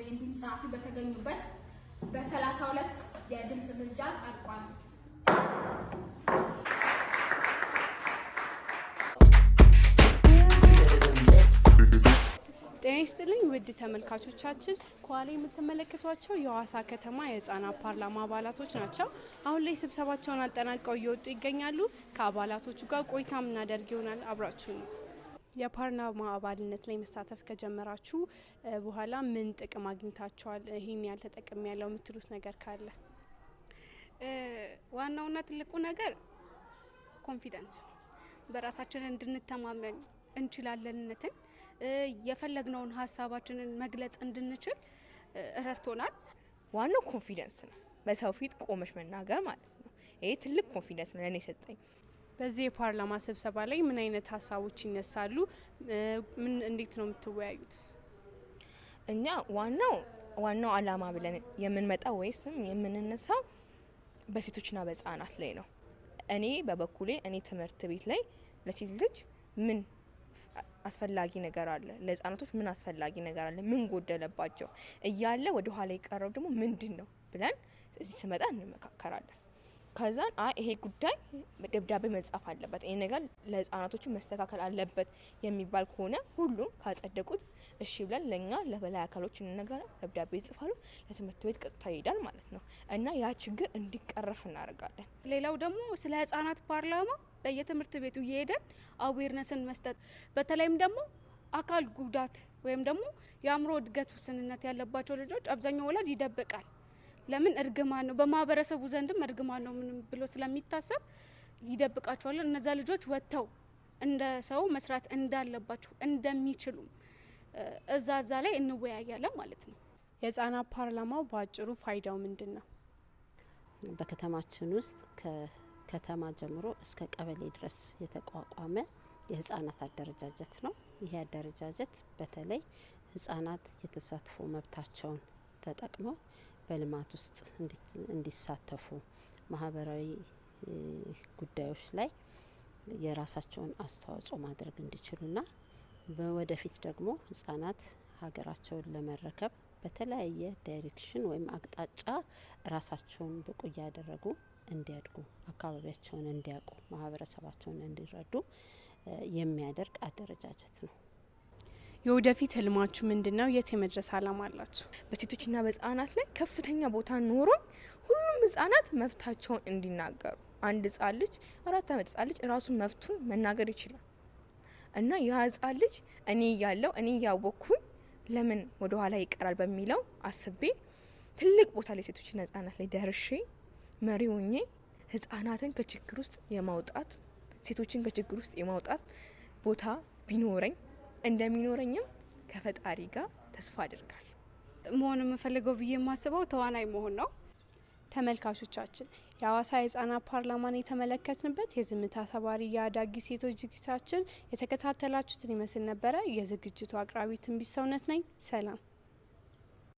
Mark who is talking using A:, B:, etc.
A: በኢንዲም ጸሐፊ በተገኙበት በ32 የድምፅ ምርጫ ጸድቋል።
B: ጤና ይስጥልኝ ውድ ተመልካቾቻችን፣ ከኋላ የምትመለከቷቸው የሀዋሳ ከተማ የህፃናት ፓርላማ አባላቶች ናቸው። አሁን ላይ ስብሰባቸውን አጠናቀው እየወጡ ይገኛሉ። ከአባላቶቹ ጋር ቆይታ ምናደርግ ይሆናል። አብራችሁ ነው የፓርላማ አባልነት ላይ መሳተፍ ከጀመራችሁ በኋላ ምን ጥቅም አግኝታችኋል? ይህን ያህል ተጠቅም ያለው የምትሉት ነገር ካለ?
C: ዋናውና ትልቁ ነገር ኮንፊደንስ በራሳችን እንድንተማመን እንችላለንነትን የፈለግነውን ሀሳባችንን መግለጽ እንድንችል ረድቶናል። ዋናው ኮንፊደንስ ነው። በሰው ፊት ቆመሽ መናገር ማለት ነው። ይሄ ትልቅ ኮንፊደንስ ነው ለእኔ የሰጠኝ።
B: በዚህ የፓርላማ ስብሰባ ላይ ምን አይነት ሀሳቦች ይነሳሉ? ምን እንዴት ነው የምትወያዩት?
C: እኛ ዋናው ዋናው አላማ ብለን የምንመጣው ወይስም የምንነሳው በሴቶችና በህጻናት ላይ ነው። እኔ በበኩሌ እኔ ትምህርት ቤት ላይ ለሴት ልጅ ምን አስፈላጊ ነገር አለ፣ ለህጻናቶች ምን አስፈላጊ ነገር አለ፣ ምን ጎደለባቸው እያለ ወደ ኋላ የቀረው ደግሞ ምንድን ነው ብለን እዚህ ስመጣ እንመካከራለን። ከዛን አይ ይሄ ጉዳይ ደብዳቤ መጻፍ አለበት፣ ይሄ ነገር ለህፃናቶቹ መስተካከል አለበት የሚባል ከሆነ ሁሉም ካጸደቁት እሺ ብለን ለእኛ ለበላይ አካሎች እንነግራለን። ደብዳቤ ይጽፋሉ፣ ለትምህርት ቤት ቀጥታ ይሄዳል ማለት ነው እና ያ ችግር እንዲቀረፍ እናደርጋለን።
A: ሌላው ደግሞ ስለ ህጻናት ፓርላማ በየትምህርት ቤቱ እየሄደን አዌርነስን መስጠት በተለይም ደግሞ አካል ጉዳት ወይም ደግሞ የአእምሮ እድገት ውስንነት ያለባቸው ልጆች አብዛኛው ወላጅ ይደብቃል። ለምን እርግማን ነው፣ በማህበረሰቡ ዘንድም እርግማን ነው ምንም ብሎ ስለሚታሰብ ይደብቃቸዋል። እነዛ ልጆች ወጥተው እንደ ሰው መስራት እንዳለባቸው እንደሚችሉም እዛ እዛ ላይ እንወያያለን ማለት ነው።
B: የህጻናት ፓርላማው በአጭሩ ፋይዳው ምንድን ነው?
D: በከተማችን ውስጥ ከከተማ ጀምሮ እስከ ቀበሌ ድረስ የተቋቋመ የህጻናት አደረጃጀት ነው። ይሄ አደረጃጀት በተለይ ህጻናት የተሳትፎ መብታቸውን ተጠቅመው በልማት ውስጥ እንዲሳተፉ ማህበራዊ ጉዳዮች ላይ የራሳቸውን አስተዋጽኦ ማድረግ እንዲችሉና በወደፊት ደግሞ ህጻናት ሀገራቸውን ለመረከብ በተለያየ ዳይሬክሽን ወይም አቅጣጫ ራሳቸውን ብቁ እያደረጉ እንዲያድጉ አካባቢያቸውን እንዲያውቁ ማህበረሰባቸውን እንዲረዱ የሚያደርግ አደረጃጀት ነው።
B: የወደፊት ህልማችሁ ምንድን ነው? የት የመድረስ አላማ አላችሁ?
A: በሴቶችና በህጻናት ላይ ከፍተኛ ቦታ ኖሮ ሁሉም ህጻናት መብታቸውን እንዲናገሩ አንድ ህጻን ልጅ አራት ዓመት ህጻን ልጅ ራሱ መብቱን መናገር ይችላል እና ያ ህጻን ልጅ እኔ እያለው እኔ እያወቅኩኝ ለምን ወደ ኋላ ይቀራል በሚለው አስቤ ትልቅ ቦታ ላይ ሴቶችና ህጻናት ላይ ደርሼ መሪ ሆኜ ህጻናትን ከችግር ውስጥ የማውጣት ሴቶችን ከችግር ውስጥ የማውጣት ቦታ ቢኖረኝ እንደሚኖረኝም ከፈጣሪ ጋር ተስፋ አድርጋለሁ።
B: መሆን የምፈልገው ብዬ የማስበው ተዋናይ መሆን ነው። ተመልካቾቻችን የአዋሳ የህፃናት ፓርላማን የተመለከትንበት የዝምታ ሰባሪ የአዳጊ ሴቶች ዝግጅታችን የተከታተላችሁትን ይመስል ነበረ። የዝግጅቱ አቅራቢ ትንቢት ሰውነት ነኝ። ሰላም